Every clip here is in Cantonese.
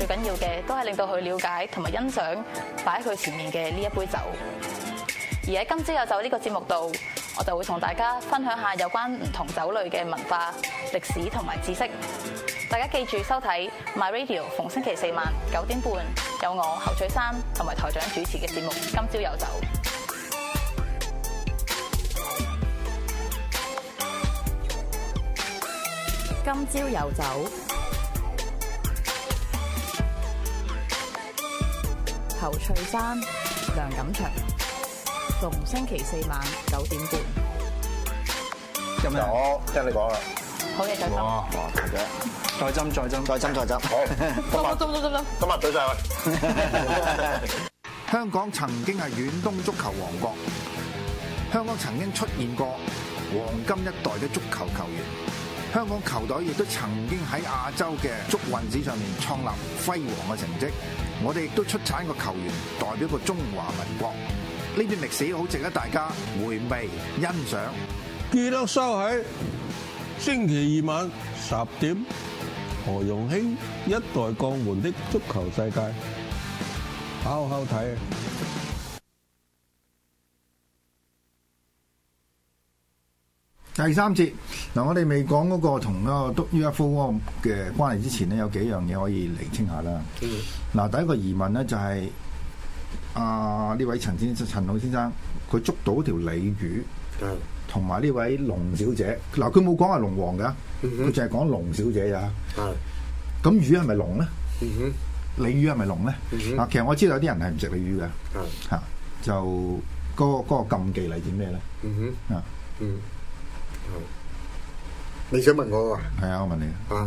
最緊要嘅都係令到佢了解同埋欣賞擺喺佢前面嘅呢一杯酒。而喺今朝有酒呢個節目度，我就會同大家分享下有關唔同酒類嘅文化、歷史同埋知識。大家記住收睇 My Radio，逢星期四晚九點半有我侯翠珊同埋台長主持嘅節目《今朝有酒》。今朝有酒。球翠山、梁錦祥，逢星期四晚九點半。有咩？我聽你講嘅。好嘢，再再斟，再斟，再斟，再斟。今今日，今日，今 香港曾經係遠東足球王國，香港曾經出現過黃金一代嘅足球球員，香港球隊亦都曾經喺亞洲嘅足運史上面創立輝煌嘅成績。我哋亦都出產個球員代表個中華民國，呢段歷史好值得大家回味欣賞。記得收喺星期二晚十點，何容興一代降門的足球世界，好好睇。第三節嗱，我哋未講嗰個同嗰個 UFO 嘅關係之前咧，有幾樣嘢可以厘清下啦。嗱，第一個疑問咧就係阿呢位陳先陳老先生，佢捉到一條鯉魚。同埋呢位龍小姐，嗱佢冇講係龍王噶，佢淨係講龍小姐呀。咁、啊、魚係咪龍咧？嗯哼。鯉魚係咪龍咧？啊，其實我知道有啲人係唔食鯉魚嘅。吓、啊，就嗰、嗰個、嗰個禁忌嚟點咩咧？啊。嗯。你想問我啊？係啊，我問你啊。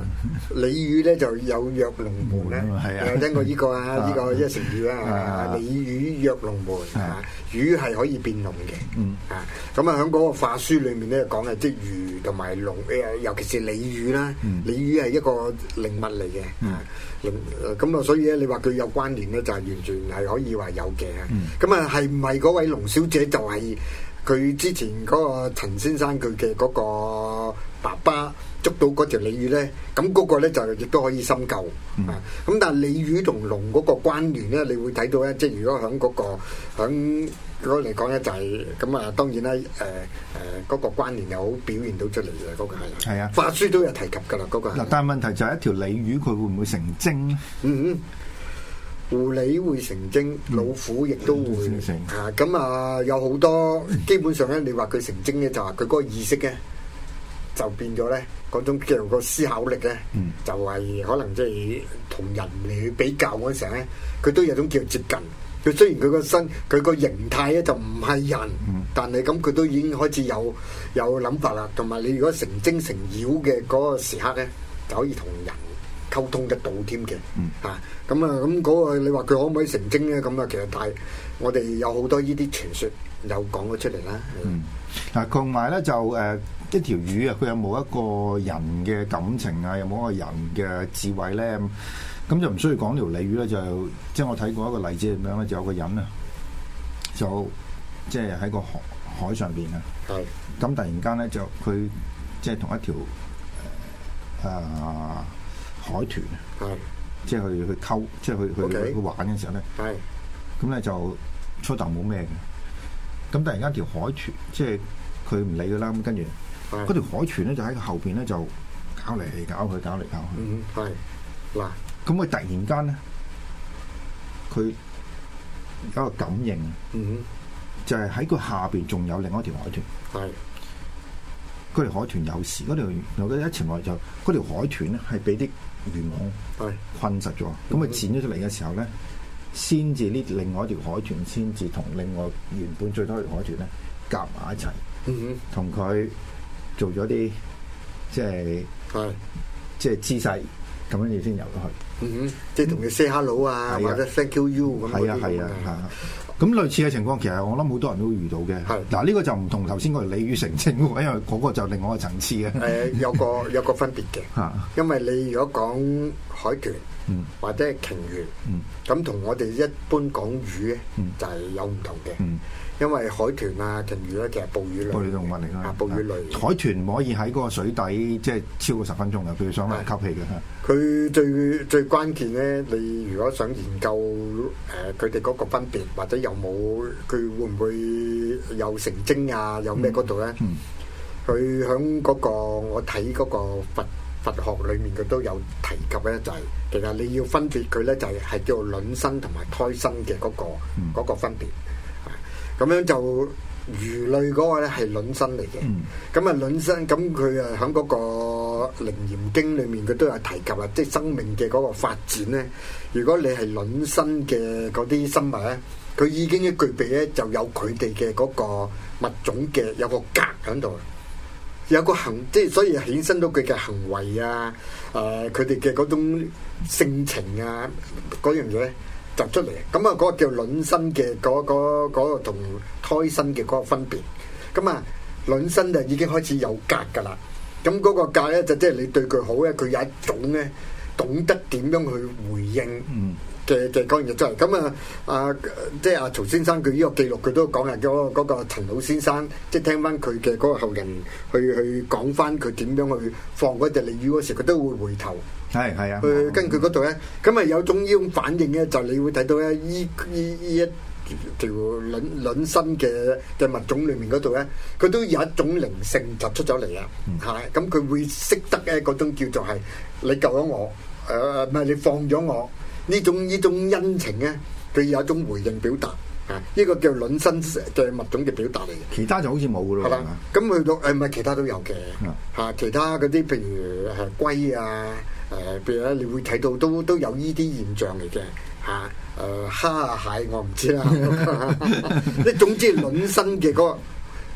鯉魚咧就有躍龍門咧，啊，有，嗯啊，聽過呢個啊？呢，啊，個一成語啦，鯉魚躍龍門啊，魚係可以變龍嘅。嗯，啊，咁啊，喺嗰個法書裏面咧講嘅，即魚同埋龍誒，尤其是鯉魚啦，鯉魚係一個靈物嚟嘅。咁，嗯，啊，所以咧，你話佢有關聯咧，就係完全係可以話有嘅。咁啊，嗯，係唔係嗰位龍小姐就係、是？佢之前嗰個陳先生佢嘅嗰個爸爸捉到嗰條鯉魚咧，咁嗰個咧就亦都可以深究、嗯、啊。咁但係鯉魚同龍嗰個關聯咧，你會睇到咧，即係如果喺嗰、那個喺攞嚟講咧，就係、是、咁啊。當然啦、啊，誒誒嗰個關聯又好表現到出嚟嘅嗰個係。係啊，法書都有提及㗎啦，嗰、那個。嗱，但係問題就係一條鯉魚，佢會唔會成精咧？嗯嗯。狐狸會成精，嗯、老虎亦都會，嗯、啊，咁啊有好多，基本上咧，你話佢成精咧，就話佢嗰個意識咧，就變咗咧嗰種叫做個思考力咧，嗯、就係可能即係同人嚟去比較嗰陣時咧，佢都有種叫接近，佢雖然佢個身佢個形態咧就唔係人，嗯、但係咁佢都已經開始有有諗法啦，同埋你如果成精成妖嘅嗰個時刻咧，就可以同人。溝通得到添嘅，嚇、嗯、咁啊咁嗰、嗰個、你話佢可唔可以成精咧？咁啊，其實大我哋有好多呢啲傳說有講咗出嚟啦。嗯，嗱、嗯，同埋咧就誒、呃、一條魚啊，佢有冇一個人嘅感情啊？有冇一個人嘅智慧咧？咁就唔需要講條鯉魚咧，就即係我睇過一個例子咁樣咧，就有個人啊，就即係喺個海海上邊啊，咁是突然間咧就佢即係同一條誒。呃海豚啊，係的，即係去去溝，即係去去去玩嘅時候咧，係的，咁咧就初頭冇咩嘅，咁突然間條海豚，即係佢唔理佢啦，咁跟住，嗰條的海豚咧就喺佢後邊咧就搞嚟搞，搞，搞去，搞嚟搞去，係、hmm.，嗱，咁佢突然間咧，佢有個感應，mm hmm. 就係喺佢下邊仲有另外一條海豚，係的。嗰條海豚有事，嗰條我覺得一前來就嗰條海豚咧，係俾啲漁網困實咗，咁佢剪咗出嚟嘅時候咧，先至呢另外一條海豚先至同另外原本最多條海豚咧夾埋一齊，同佢做咗啲即係即係姿勢咁樣嘢先遊得去，即係同佢 say hello 啊或者 thank you 係啊，係啊。咁類似嘅情況，其實我諗好多人都會遇到嘅。係嗱是，呢、啊這個就唔同頭先嗰條鯉魚成精喎，因為嗰個就另外一個層次嘅。誒、呃，有個有個分別嘅。嚇， 因為你如果講海豚，或者係鯨魚，咁同、嗯、我哋一般講魚，嗯，就係有唔同嘅。嗯、因為海豚啊、鯨魚咧，其實哺乳類哺乳動物嚟㗎、啊。哺乳類、啊。海豚唔可以喺嗰個水底，即、就、係、是、超過十分鐘譬如想咩吸氣嘅，佢最最關鍵咧，你如果想研究誒佢哋嗰個分別，或者。又冇佢會唔會有成精啊？有咩嗰度咧？佢喺嗰個我睇嗰個佛佛學裏面，佢都有提及咧，就係其實你要分別佢咧，就係係叫做卵生同埋胎生嘅嗰個嗰個分別。咁樣就魚類嗰個咧係卵生嚟嘅。咁啊卵生，咁佢啊喺嗰個《靈驗經》裏面，佢都有提及啊，即生命嘅嗰個發展咧。如果你係卵生嘅嗰啲生物咧。佢已經一具備咧，就有佢哋嘅嗰個物種嘅有個格喺度，有個行，即係所以衍生到佢嘅行為啊，誒佢哋嘅嗰種性情啊嗰樣嘢咧就出嚟，咁啊嗰個叫卵生嘅嗰個嗰個同胎生嘅嗰個分別，咁啊卵生就已經開始有格噶啦，咁嗰個格咧就即係你對佢好咧，佢有一種咧。懂得點樣去回應嘅嘅講嘢出嚟，咁、嗯、啊啊，即係阿曹先生佢呢個記錄，佢都講係咗嗰個陳老先生，即係聽翻佢嘅嗰個後人去去講翻佢點樣去放嗰隻鯉魚嗰時，佢都會回頭，係係啊，去、嗯、跟佢嗰度咧，咁啊有種呢種反應咧，就你會睇到咧依依依一。條卵卵生嘅嘅物種裏面嗰度咧，佢都有一種靈性就出咗嚟，嗯、啊！吓，咁佢會識得咧嗰種叫做係你救咗我，誒唔係你放咗我呢種呢種恩情咧，佢有一種回應表達啊！呢個叫卵生嘅物種嘅表達嚟嘅，其他就好似冇噶咯，係嘛？咁去到誒唔係其他都有嘅吓，啊，其他嗰啲譬如係龜啊誒，譬如咧、啊啊啊、你會睇到都都有呢啲現象嚟嘅吓。啊誒，蝦、呃、蟹我唔知啦，你 總之卵生嘅嗰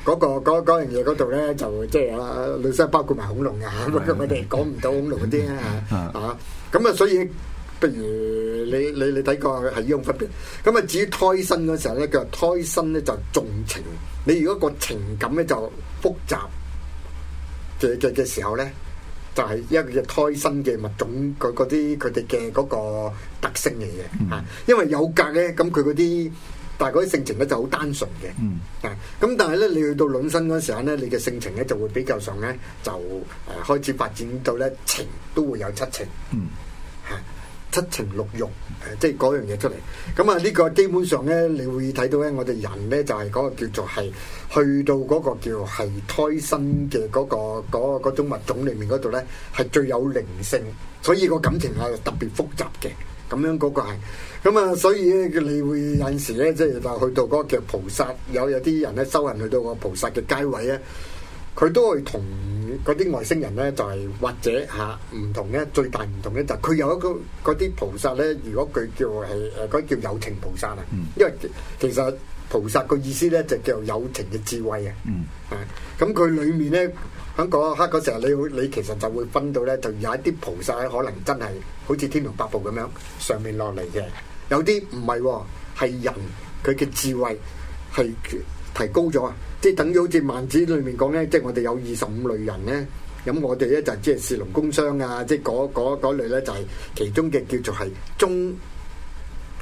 嗰個嗰嗰樣嘢嗰度咧，就即係啦，卵生包括埋恐龍啊， 我我哋講唔到恐龍嗰啲啊，啊，咁啊，所以不如你你你睇個係兩分別，咁啊，至於胎生嗰時候咧，叫胎生咧就重情，你如果個情感咧就複雜嘅嘅嘅時候咧。就係一個胎生嘅物種，佢嗰啲佢哋嘅嗰個特性嚟嘅嚇，嗯、因為有格咧，咁佢嗰啲但係嗰啲性情咧就好單純嘅嚇，咁、嗯、但係咧你去到卵生嗰陣時候咧，你嘅性情咧就會比較上咧就誒開始發展到咧情都會有七情。嗯七情六欲，即係嗰樣嘢出嚟。咁啊，呢個基本上呢，你會睇到呢，我哋人呢，就係嗰個叫做係去到嗰個叫係胎生嘅嗰個嗰種物種裡面嗰度呢，係最有靈性，所以個感情係特別複雜嘅。咁樣嗰個係，咁啊，所以呢，你會有時呢，即係就去到嗰個叫菩薩，有有啲人呢，收人去到個菩薩嘅階位呢，佢都係同。嗰啲外星人咧，就係或者嚇唔同嘅，最大唔同咧，就佢有一個嗰啲菩薩咧，如果佢叫係誒嗰叫有情菩薩啦，因為其實菩薩個意思咧，就叫有情嘅智慧、嗯、啊，啊咁佢裡面咧喺嗰刻嗰時候，你會你其實就會分到咧，就有一啲菩薩咧可能真係好似天龍八部咁樣上面落嚟嘅，有啲唔係喎，係人佢嘅智慧係。提高咗啊！即係等於好似孟子裏面講咧，即係我哋有二十五類人咧。咁我哋咧就即係士農工商啊！即係嗰類咧就係、是、其中嘅叫做係中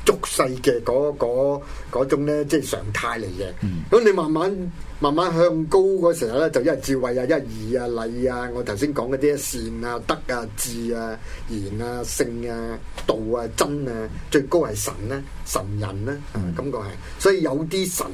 足世嘅嗰種咧，即係常態嚟嘅。咁、嗯、你慢慢慢慢向高嗰時候咧，就一智慧啊，一義啊，禮啊，我頭先講嗰啲善啊、德啊、智啊、言啊、性啊、道啊、真啊，最高係神咧、啊，神人咧、啊，感覺係。所以有啲神。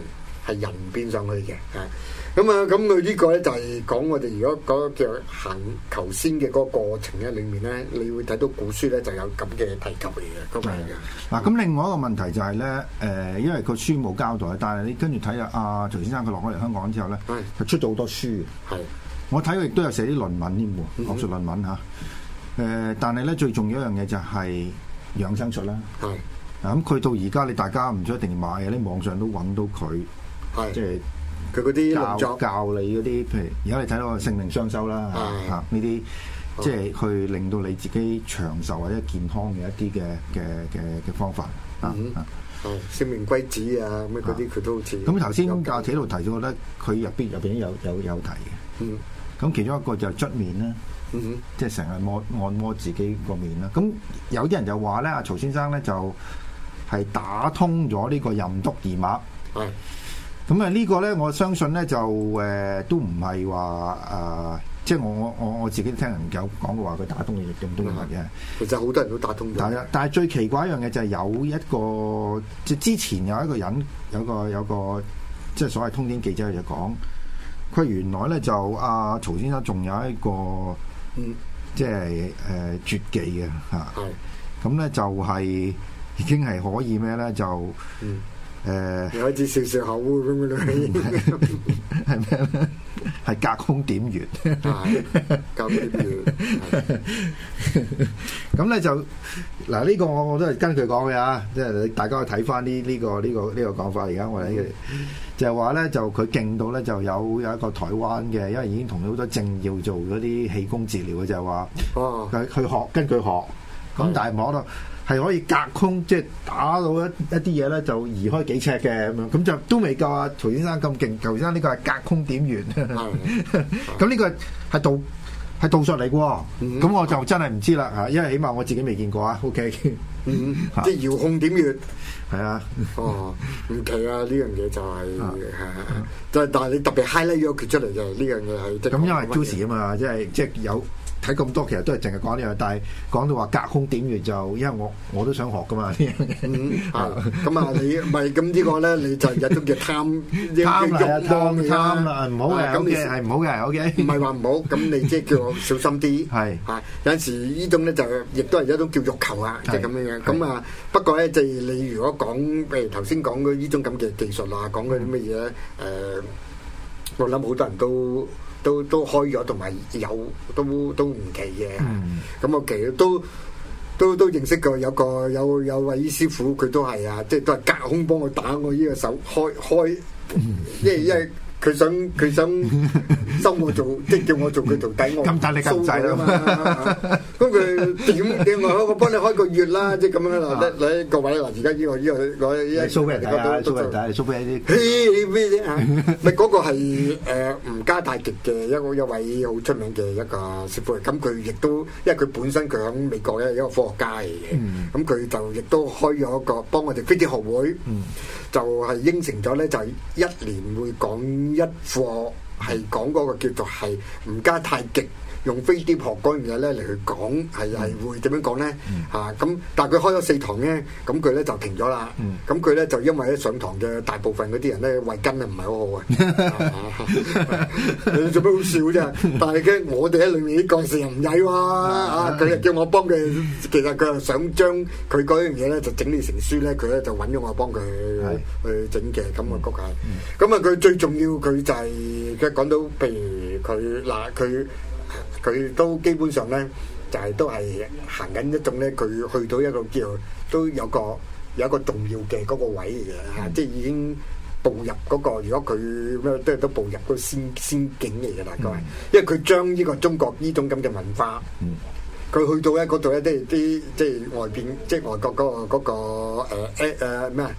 人變上去嘅，嗯嗯嗯嗯、啊咁啊咁佢呢個咧就係講我哋如果講著行求仙嘅嗰個過程咧，裏面咧，你會睇到古書咧就有咁嘅提及嚟嘅。嗰個嗱，咁另外一個問題就係、是、咧，誒、呃，因為個書冇交代，但係你跟住睇下阿曹先生佢落咗嚟香港之後咧，係佢的出咗好多書，係的我睇佢亦都有寫啲論文添、啊，嗯、哼學術論文嚇、啊。誒、呃，但係咧最重要一樣嘢就係養生術啦。係咁佢到而家，你大家唔一定買，你網上都揾到佢。即係佢嗰啲教教你嗰啲，譬如而家你睇到個性命雙修啦，嚇呢啲即係去令到你自己長壽或者健康嘅一啲嘅嘅嘅嘅方法啊性、嗯、命圭旨啊，咩嗰啲佢都好似咁頭先教授喺度提咗，覺得佢入邊入邊有有有，有提嘅。咁、嗯、哼其中一個就係捽面啦，即係成日摸按摩自己個面啦。咁有啲人就話咧，阿曹先生咧就係打通咗呢個任督二脈。係。咁啊，個呢個咧，我相信咧，就誒、呃、都唔係話啊，即係我我我我自己聽人有講過話佢打通嘅嘢咁多嘅乜嘅。其實好多人都打通但。但係，但係最奇怪一樣嘢就係有一個即之前有一個人，有一個有一個即係所謂通天記者佢就講，佢原來咧就阿、啊、曹先生仲有一個，嗯、即係誒、呃、絕技嘅嚇。係的。咁咧、啊、就係、是、已經係可以咩咧就、嗯誒，有啲笑笑口咁樣樣，係咩係隔空點穴，咁咧 就嗱、呢、這個我我都係跟佢講嘅啊。即係大家去睇翻呢呢個呢、這個呢、這個講、這個、法。而家我哋、嗯、就係話咧，就佢勁到咧，就有有一個台灣嘅，因為已經同好多政要做嗰啲氣功治療嘅，就係話佢佢學跟佢學，咁、哦、但係我咧。係可以隔空即係、就是，打到一一啲嘢咧，就移開幾尺嘅咁樣，咁就都未夠阿曹先生咁勁。曹先生呢個係隔空點穴，咁呢個係道係道術嚟嘅。咁、嗯、我就真係唔知啦，吓，因為起碼我自己未見過啊。O K，即係遙控點穴，係啊，哦、就是，唔奇啊，呢樣嘢就係，就但係你特別 high 咧，咗佢出嚟就呢樣嘢係。咁因為啊嘛，即係即係有。睇咁多其實都係淨係講呢樣，但係講到話隔空點穴就，因為我我都想學噶嘛。啊，咁啊你唔係咁呢個咧？你就有一種叫貪貪慾望貪啦，唔好嘅，係唔好嘅，OK。唔係話唔好，咁你即係叫我小心啲。係啊，有時呢種咧就亦都係一種叫欲求啊，即係咁樣樣。咁啊不過咧就係你如果講譬如頭先講嘅呢種咁嘅技術啊，講嗰啲乜嘢誒，我諗好多人都。都都開咗，同埋有都都唔奇嘅。咁我奇都都都認識過有個有有位師傅，佢都係啊，即係都係隔空幫我打我呢個手開開，因為 因為。佢想佢想收我做，即係叫我做佢徒弟，我收佢啦。咁佢點？你咪開我幫你開個月啦，即係咁樣啦。嗱，各位嗱，而家依個依個我依一。收皮人哋啊！收皮人哋，收皮啲。P V 啫嚇，咪嗰個係誒吳家太極嘅一個一位好出名嘅一個師傅。咁佢亦都，因為佢本身佢響美國咧，係一個科學家嚟嘅。咁佢就亦都開咗一個幫我哋飛碟學會，就係應承咗咧，就係一年會講。一課係講嗰個叫做係唔加太極。用飛碟學嗰樣嘢咧嚟去講，係係會點樣講咧？嚇咁、嗯啊，但係佢開咗四堂咧，咁佢咧就停咗啦。咁佢咧就因為咧上堂嘅大部分嗰啲人咧圍根啊唔係好好， 啊，你做咩好笑啫？但係嘅我哋喺裏面啲幹事又唔曳哇！啊，佢又、啊、叫我幫佢，嗯、其實佢又想將佢嗰樣嘢咧就整理成書咧，佢咧就揾咗我幫佢去、嗯、去整嘅咁嘅格局。咁啊、就是，佢最重要佢就係佢係講到譬如佢嗱佢。啊佢都基本上咧，就係、是、都係行緊一種咧，佢去到一個叫，都有個有一個重要嘅嗰個位嚟嘅嚇，嗯、即係已經步入嗰、那個。如果佢咩都都步入嗰個仙境嚟嘅啦，各位，嗯、因為佢將呢個中國呢種咁嘅文化，佢、嗯、去到咧嗰度咧都係啲即係外邊即係外國嗰、那個嗰、那個咩、uh, uh, uh,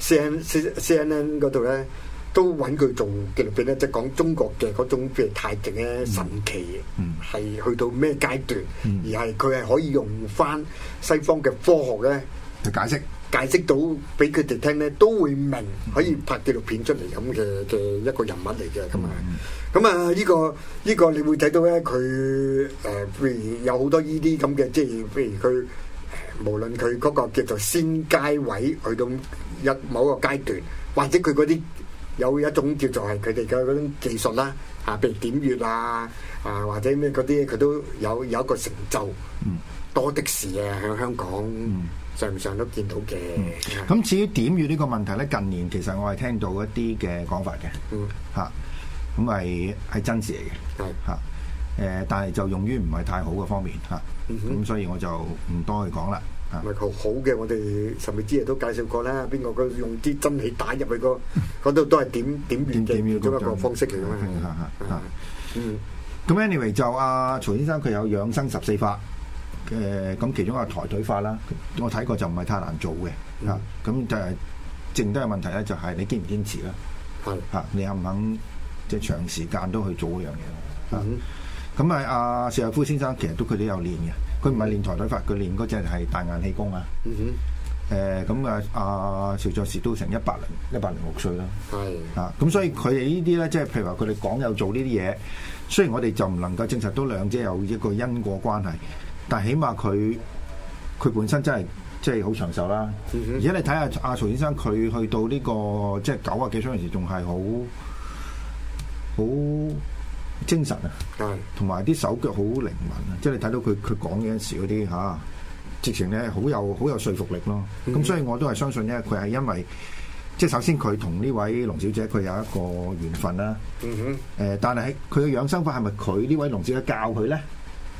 CNN CNN 嗰度咧。都揾佢做紀錄片咧，即係講中國嘅嗰種太極咧神奇，係、嗯、去到咩階段，嗯、而係佢係可以用翻西方嘅科學咧去解釋，解釋到俾佢哋聽咧都會明，可以拍紀錄片出嚟咁嘅嘅一個人物嚟嘅咁啊！咁啊，呢個依個你會睇到咧，佢、呃、誒譬如有好多呢啲咁嘅，即係譬如佢無論佢嗰個叫做先階位去到一某個階段，或者佢嗰啲。有一種叫做係佢哋嘅嗰種技術啦、啊，譬如點穴啊，啊或者咩嗰啲佢都有有一個成就，嗯、多的士啊喺香港、嗯、上唔上都見到嘅。咁、嗯、是至於點穴呢個問題咧，近年其實我係聽到一啲嘅講法嘅，嚇咁係係真事嚟嘅，係嚇誒，但係就用於唔係太好嘅方面嚇，咁、啊嗯、哼所以我就唔多去講啦。咪求、嗯、 好嘅，我哋神秘之夜都介紹過啦。邊個用啲真氣打入去、嗰度，都係點點練嘅 其中一個方式嚟嘅。咁 anyway 就阿曹先生佢有養生十四法嘅，咁其中一個抬腿法啦，我睇過就唔係太難做嘅嚇。咁就係剩低嘅問題咧，就係你堅唔堅持啦。係你肯唔肯即係長時間都去做嗰樣嘢？咁啊，阿邵逸夫先生其實都佢都有練嘅。佢唔係練台腿法，佢練嗰隻係大雁氣功啊！誒咁、mm hmm. 呃、啊，阿曹作時都成一百零一百零六歲啦。係、mm hmm. 啊，咁所以佢哋呢啲咧，即係譬如話佢哋講有做呢啲嘢，雖然我哋就唔能夠證實到兩者有一個因果關係，但起碼佢佢本身真係即係好長壽啦。Mm hmm. 而家你睇下阿曹先生，佢去到呢、這個即係九啊幾歲嗰陣時，仲係好好。精神啊，同埋啲手腳好靈敏啊，即係你睇到佢佢講嗰陣時啲嚇，直情咧好有好有說服力咯。咁、嗯、哼所以我都係相信呢佢係因為即係首先佢同呢位龍小姐佢有一個緣分啦。誒、嗯哼，但係佢嘅養生法係咪佢呢位龍小姐教佢咧？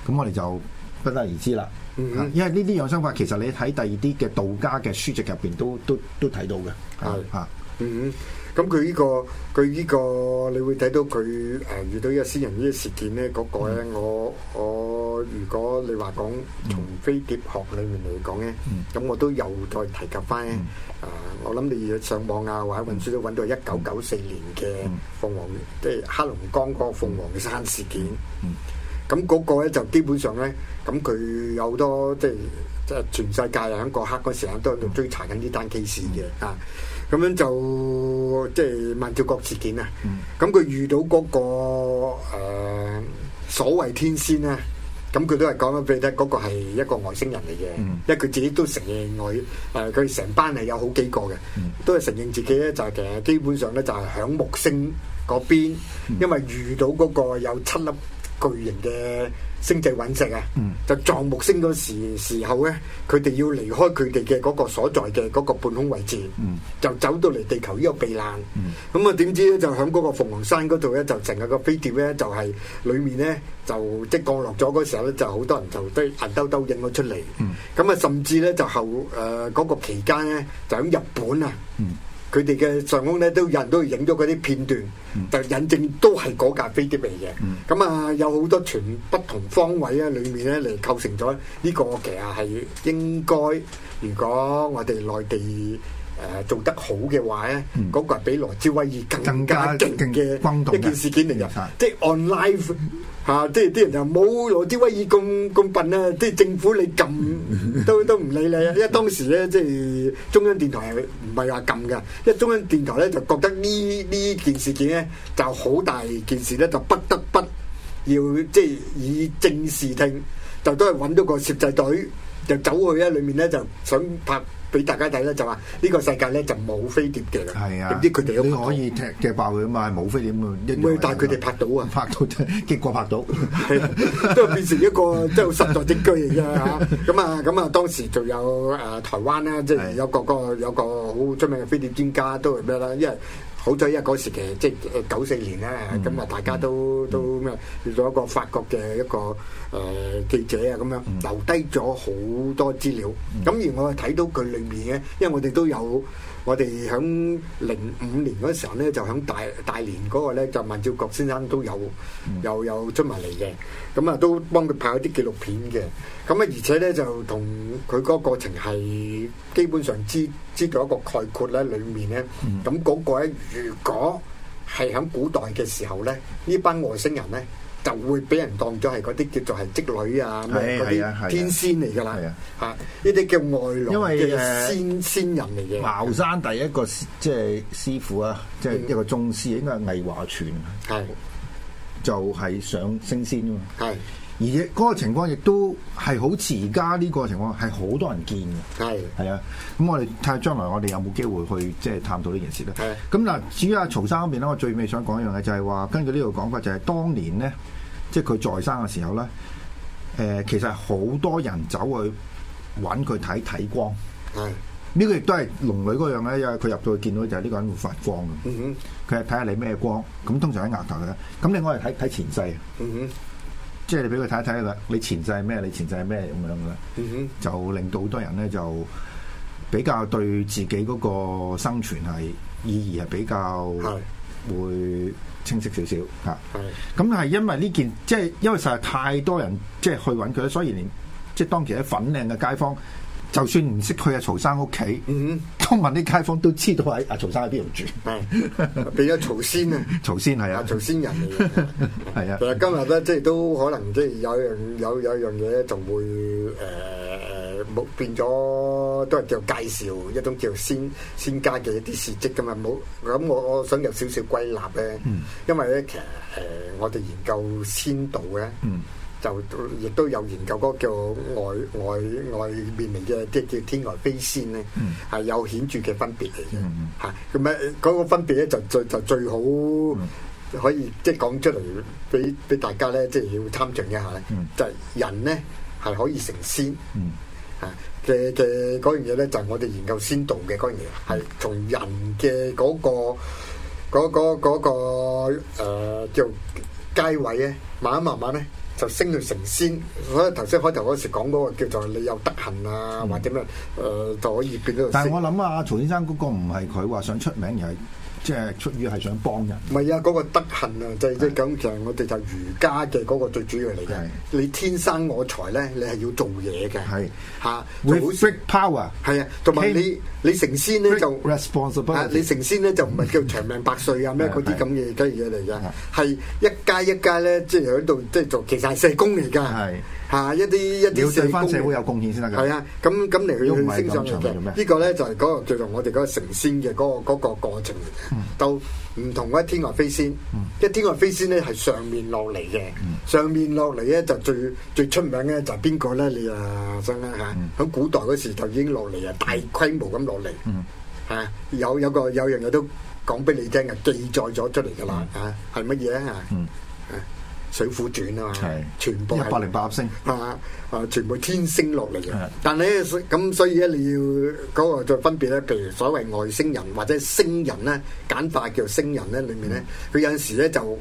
咁我哋就不得而知啦。嗯、哼因為呢啲養生法其實你喺第二啲嘅道家嘅書籍入邊都都都睇到嘅。係嗯，哼嗯，嗯咁佢呢個佢呢、這個，你會睇到佢誒、呃、遇到一啲仙人呢啲事件咧，嗰、那個咧、嗯，我我如果你話講、嗯、從飛碟學裏面嚟講咧，咁、嗯、我都又再提及翻咧、嗯呃。我諗你上網啊，或者運輸都揾到一九九四年嘅鳳凰，嗯、即係黑龍江嗰個鳳凰山事件。咁嗰、嗯、個咧就基本上咧，咁佢有好多即係。即係全世界個啊，喺國克嗰時都喺度追查緊呢單 case 嘅啊，咁樣就即係孟照國事件啊，咁佢、嗯、遇到嗰、那個、呃、所謂天仙咧，咁佢都係講咗俾你聽，嗰、那個係一個外星人嚟嘅，嗯、因為佢自己都承認外誒，佢、呃、成班係有好幾個嘅，嗯、都係承認自己咧就係、是、其實基本上咧就係響木星嗰邊，因為遇到嗰個有七粒。巨型嘅星際隕石啊，嗯、就撞木星嗰時時候咧，佢哋要離開佢哋嘅嗰個所在嘅嗰個半空位置，嗯、就走到嚟地球呢個避難。咁啊點知咧就喺嗰個鳳凰山嗰度咧，就成日個飛碟咧就係裏面咧就即降落咗嗰時候咧，就好多人就都銀兜兜影咗出嚟。咁啊、嗯嗯，甚至咧就後誒嗰、呃嗰個期間咧，就喺日本啊。嗯佢哋嘅上空咧都有人都影咗嗰啲片段，嗯、就引證都係嗰架飛碟嚟嘅。咁、嗯、啊，有好多全不同方位啊，裏面咧嚟構成咗呢個。其實係應該，如果我哋內地。誒，做得好嘅話咧，嗰、嗯、個係比羅斯威爾更加勁嘅一件事件嚟嘅，即係 online 嚇，即係啲人就冇羅斯威爾咁咁笨啦，即係政府你撳都都唔理你，因為當時咧即係中央電台唔係話撳嘅，因為中央電台咧就覺得呢呢件事件咧就好大件事咧，就不得不要即係以正視聽，就都係揾到個攝製隊就走去喺裡面咧就想拍。俾大家睇咧，就話呢、呢個世界咧就冇飛碟嘅啦。係啊，點知佢哋都可以踢踢爆佢啊嘛，冇飛碟啊。唔會，但係佢哋拍到啊，拍到啫，結果拍到，啊、都變成一個即係 好實在證據嚟嘅嚇。咁啊，咁啊，啊，當時就有誒、啊、台灣啦、啊，即係有個的有個有個好出名嘅飛碟專家，都係咩啦，因為。好在啊嗰時嘅，即係九四年啦，嗯、今日大家都、嗯、都咩，遇到一個法國嘅一個誒、呃、記者啊，咁樣留低咗好多資料，咁、嗯、而我睇到佢裏面咧，因為我哋都有。我哋喺零五年嗰時候咧，就喺大大連嗰個咧，就文照國先生都有，嗯、又有出埋嚟嘅，咁啊都幫佢拍一啲紀錄片嘅，咁啊而且咧就同佢嗰個過程係基本上知知道一個概括咧，裏面咧，咁嗰、嗯、個咧如果係喺古代嘅時候咧，呢班外星人咧。就會俾人當咗係嗰啲叫做係織女啊，咁啊嗰啲天仙嚟噶啦嚇，呢啲叫外女，叫仙仙人嚟嘅。茅山第一個即係師傅、就是、啊，即、就、係、是、一個宗師，嗯、應該係魏華存，係的就係想升仙啊，係。而且嗰個情況亦都係好似而家呢個情況，係好多人見嘅。係係啊，咁我哋睇下將來我哋有冇機會去即係、就是、探討呢件事咧。咁嗱的，至於阿曹生嗰邊咧，我最尾想講一樣嘢就係話，根據呢個講法就係當年咧，即係佢在生嘅時候咧，誒、呃、其實好多人走去揾佢睇睇光。係呢的個亦都係龍女嗰樣咧，因為佢入到去見到就係呢個人會發光嘅。佢係睇下你咩光，咁通常喺額頭嘅。咁另外係睇睇前世。嗯即係你俾佢睇一睇啦，你前世係咩？你前世係咩咁樣噶啦？就令到好多人咧就比較對自己嗰個生存係意義係比較會清晰少少嚇。咁係因為呢件，即係因為實在太多人即係去揾佢，所以連即係當其時粉嶺嘅街坊。就算唔識去阿曹生屋企，都問啲街坊都知道喺阿曹生喺邊度住。係俾咗曹仙， 曹仙啊，曹仙係啊，曹仙人係啊。其實今日咧， 即係都可能，即係有樣有有，有樣嘢仲會誒、呃，變咗都係叫介紹一種叫仙仙家嘅一啲事跡噶嘛。冇咁我我想有少少歸納咧，因為咧其實誒、呃，我哋研究仙道咧。嗯就亦都有研究嗰個叫外外外面嚟嘅，即係叫天外飛仙咧、嗯，係有顯著嘅分別嚟嘅嚇。咁、嗯、啊，嗰個分別咧就最就最好可以即係、嗯、講出嚟俾俾大家咧，即係要參詳一下咧。就係人咧係可以成仙嚇嘅嘅嗰樣嘢咧，嗯、呢就係我哋研究仙道嘅嗰樣嘢，係從人嘅嗰個嗰嗰嗰個，嗰個，嗰個，嗰個、呃、叫階位咧，慢慢慢慢咧。就升到成仙，所以頭先開頭嗰時講嗰個叫做你有德行啊，嗯、或者咩，誒、呃、就可以變到。但係我諗啊，曹先生嗰個唔係佢話想出名、就是，而係。即係出於係想幫人，唔係啊！嗰個德行啊，就即係咁就我哋就儒家嘅嗰個最主要嚟嘅。你天生我材咧，你係要做嘢嘅，嚇。With big power，係啊，同埋你你成仙咧就，你成仙咧就唔係叫長命百歲啊咩嗰啲咁嘅雞嘢嚟嘅，係一家一家咧，即係喺度即係做其實係社工嚟㗎。吓，一啲一啲社要對翻社會有貢獻先得㗎。係啊，咁咁嚟去升上嚟嘅。呢個咧就係嗰個叫做我哋嗰個成仙嘅嗰個嗰個過程。到唔同嘅天外飛仙，一天外飛仙咧係上面落嚟嘅。上面落嚟咧就最最出名咧就係邊個咧？你啊，先生嚇，喺古代嗰時就已經落嚟啊，大規模咁落嚟。嚇，有有個有樣嘢都講俾你聽嘅，記載咗出嚟㗎喇。嚇，係乜嘢啊？水滸傳啊嘛，是全部一百零八粒星啊啊，全部天星落嚟嘅。的但係咧咁，所以咧你要嗰、那個再分別咧，譬如所謂外星人或者星人咧，簡化叫做星人咧，裏面咧佢有時咧就。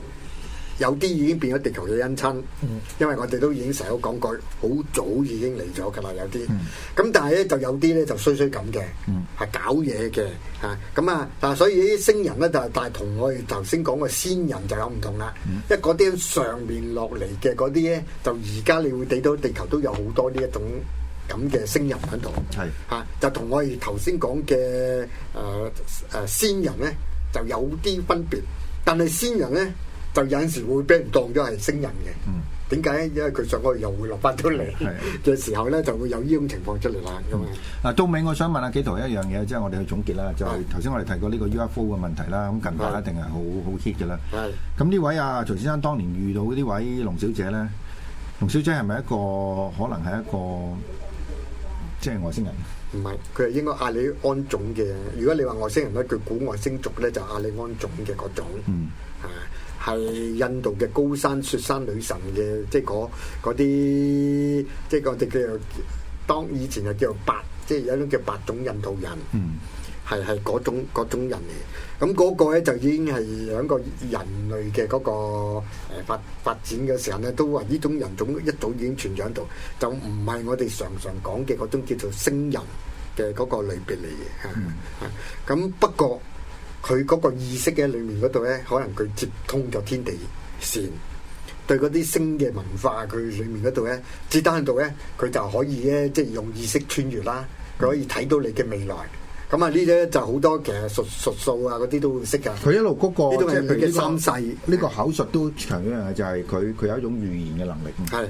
有啲已經變咗地球嘅恩親，嗯、因為我哋都已經成日都講過，好早已經嚟咗噶啦。有啲咁，嗯、但係咧就有啲咧就衰衰咁嘅，係、嗯、搞嘢嘅嚇。咁啊，所以啲星人咧就但係同我哋頭先講嘅仙人就有唔同啦。嗯、因為嗰啲上面落嚟嘅嗰啲咧，就而家你會睇到地球都有好多呢一種咁嘅星人喺度。係嚇是、啊，就同我哋頭、呃呃、先講嘅誒誒仙人咧就有啲分別，但係仙人咧。就有陣時會俾人當咗係星人嘅。點解、嗯？因為佢上過又會落翻出嚟嘅時候咧，就會有呢種情況出嚟啦。咁啊，到尾我想問下紀陶一樣嘢，即係我哋去總結啦，就係頭先我哋提過呢個 UFO 嘅問題啦。咁近排一定係好好 hit 嘅啦。咁呢位啊曹先生，當年遇到呢位龍小姐咧，龍小姐係咪一個可能係一個即係外星人？唔係，佢係應該亞利安種嘅。如果你話外星人咧，佢古外星族咧就亞利安種嘅個種。嗯係印度嘅高山雪山女神嘅，即係嗰嗰啲，即係我哋叫當以前係叫做白，即係有一種叫白種印度人，係係嗰種嗰種人嚟。咁嗰個咧就已經係喺個人類嘅嗰個誒發發展嘅時候咧，都話呢種人種一早已經存在喺度，就唔係我哋常常講嘅嗰種叫做星人嘅嗰個類別嚟嘅。咁不過。佢嗰個意識咧，裏面嗰度咧，可能佢接通咗天地線，對嗰啲星嘅文化裡裡，佢裏面嗰度咧接單到咧，佢就可以咧，即係用意識穿越啦，佢可以睇到你嘅未來。咁啊，呢啲就好多其實術術數啊，嗰啲都會識噶。佢一路嗰個呢即係佢嘅心細，呢、這個的口述都強咗嘅，就係佢佢有一種預言嘅能力。係嚇的。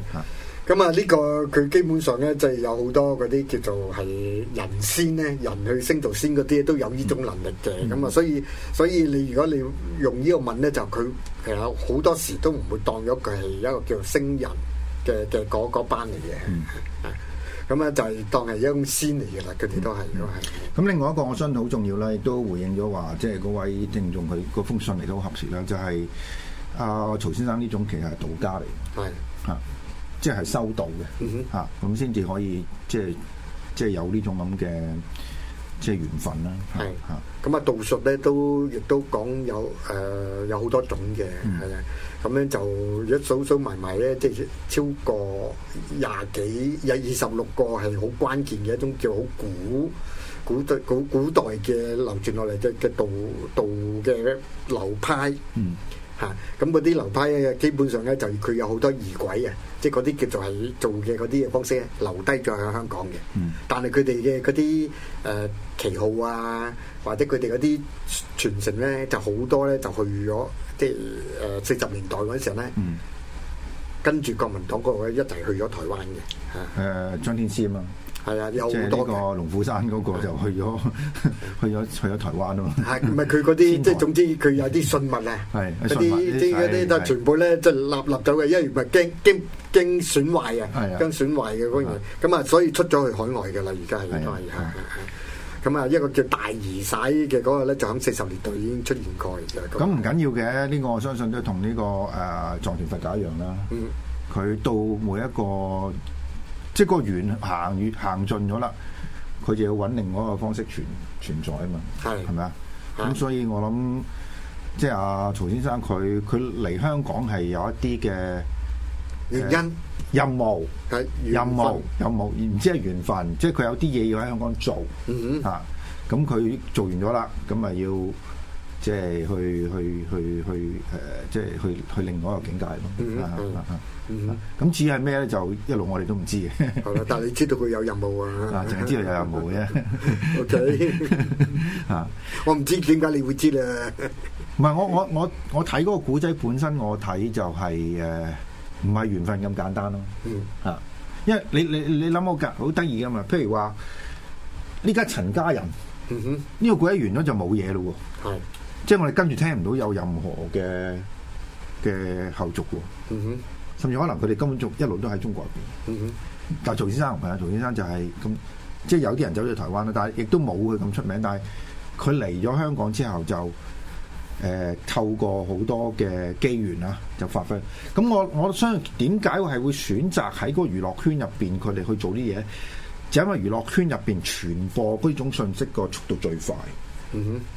咁啊，呢個佢基本上咧就係、是、有好多嗰啲叫做係人仙咧，人去升做仙嗰啲都有呢種能力嘅。咁啊、嗯，所以所以你如果你用呢個問咧，就佢其實好多時都唔會當咗佢係一個叫做星人嘅嘅嗰嗰班嚟嘅。咁啊、嗯，就係當係一種仙嚟嘅啦，佢哋都係。咁另外一個我相信好重要啦，亦都回應咗話，即係嗰位聽眾佢嗰封信嚟都好合時啦，就係、是、阿、啊、曹先生呢種其實係道家嚟嘅。係的即係收到嘅吓，咁先至可以，即係即係有呢種咁嘅即係緣分啦。係吓咁啊，道術咧都亦都講有誒、呃，有好多種嘅係啦。咁咧、嗯、就一數數埋埋咧，即係超過廿幾、有二十六個係好關鍵嘅一種叫好古古代古古代嘅流傳落嚟嘅嘅道道嘅流派。嗯。嚇！咁嗰啲流派咧，基本上咧就佢有好多儀軌啊，即係嗰啲叫做係做嘅嗰啲方式留低咗喺香港嘅。嗯。但係佢哋嘅嗰啲誒旗號啊，或者佢哋嗰啲傳承咧，就好多咧就去咗即係誒四十年代嗰陣咧。嗯。跟住國民黨嗰個一齊去咗台灣嘅。誒，張天師啊！呃係啊，有好多嘅。即個龍虎山嗰個就去咗，去咗去咗台灣啊嘛。係，唔係佢嗰啲，即係總之佢有啲信物啊。係，啲即嗰啲，但全部咧就立立咗嘅，因為唔係驚驚驚損壞啊，驚損壞嘅嗰樣。咁啊，所以出咗去海外嘅啦，而家係。係係係。咁啊，一個叫大兒媳嘅嗰個咧，就喺四十年代已經出現過嚟嘅。咁唔緊要嘅，呢個我相信都係同呢個誒藏傳佛教一樣啦。佢到每一個。即係個緣行與行盡咗啦，佢就要揾另外一個方式存存在啊嘛，係咪啊？咁吧所以我諗，即係、啊、阿曹先生佢佢嚟香港係有一啲嘅原因、任務、任務、任務、任務，唔知係緣分，即係佢有啲嘢要喺香港做，嗯哼，啊，咁佢做完咗啦，咁咪要。即係去去去去誒，即係去去另外一個境界咯。咁至於係咩咧？就一路我哋都唔知嘅。但係你知道佢有任務啊。啊，淨係知道有任務嘅。O K。啊，我唔知點解你會知啊？唔係，我我我我睇嗰個古仔本身，我睇就係誒，唔係緣分咁簡單咯。嗯。因為你你你諗我㗎好得意㗎嘛？譬如話，呢家陳家人，哼，呢個古仔完咗就冇嘢咯喎。即係我哋跟住聽唔到有任何嘅嘅後續喎、啊，嗯、哼甚至可能佢哋根本就一路都喺中國入邊。嗯、哼但係曹先生唔係啊，曹先生就係、是、咁，即係有啲人走咗台灣啦，但係亦都冇佢咁出名。但係佢嚟咗香港之後就，就、呃、誒透過好多嘅機緣啦、啊，就發揮。咁我我相信點解我係會選擇喺嗰個娛樂圈入邊，佢哋去做啲嘢，就是、因為娛樂圈入邊傳播嗰種信息個速度最快。嗯哼。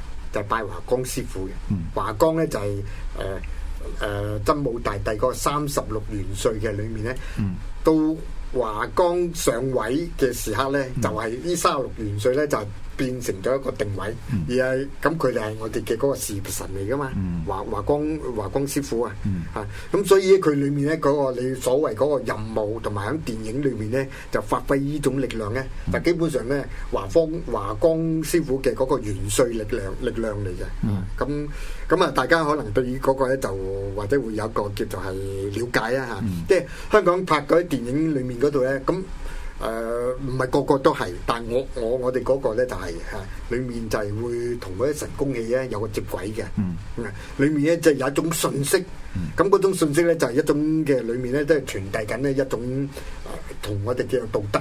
就係拜華光師傅嘅，華、嗯、光咧就係誒誒真武大帝個三十六元帥嘅裏面咧，嗯，到華光上位嘅時刻咧、嗯，就係呢三十六元帥咧就。變成咗一個定位，而係咁佢哋係我哋嘅嗰個事業神嚟㗎嘛，華華光華光師傅、嗯、啊，嚇、嗯、咁所以佢裏面咧嗰、嗰個你所謂嗰個任務同埋喺電影裏面咧就發揮呢種力量咧，就、嗯、基本上咧華光華光師傅嘅嗰個元帥力量力量嚟嘅，咁咁啊大家可能對於嗰個咧就或者會有個叫做係了解啊嚇，啊嗯、即係香港拍嗰啲電影裏面嗰度咧咁。誒唔係個個都係，但係我我我哋嗰個咧就係、是、嚇、啊，裡面就係會同嗰啲神功器咧有個接軌嘅，嗯，裡面咧就有一種信息，嗯，咁嗰種信息咧就係一種嘅，裡面咧即係傳遞緊咧一種同、啊、我哋嘅道德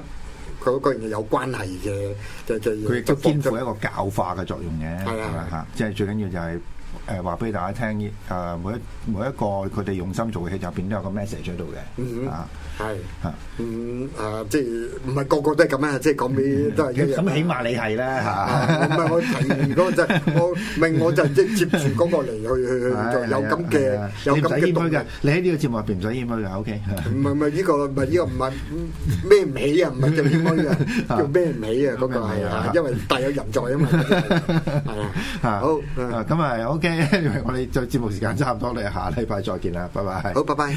佢嗰個人有關係嘅，就是、就佢亦都兼負一個教化嘅作用嘅，係、嗯、吧是啊，即係最緊要就係、是。誒，話俾大家聽，誒，每一每一個佢哋用心做嘅戲，就入邊都有個 message 喺度嘅。嗯嗯，啊，係啊，嗯啊，即係唔係個個都係咁啊，即係講俾都係一樣。咁起碼你係啦，吓，唔係我提，如果就我明我就即係接住嗰個嚟去去做，有咁嘅，有咁嘅。唔使謙虛嘅，你喺呢個節目入邊唔使謙虛嘅，OK。唔係唔係呢個唔係呢個唔係咩唔起啊，唔係叫謙虛啊，叫咩唔起啊？嗰個係啊，因為大有人在啊嘛。係啊，啊好，咁啊有。Okay . Anyway, 我哋就節目時間差唔多，你 下禮拜再見啦，拜拜。好，拜拜。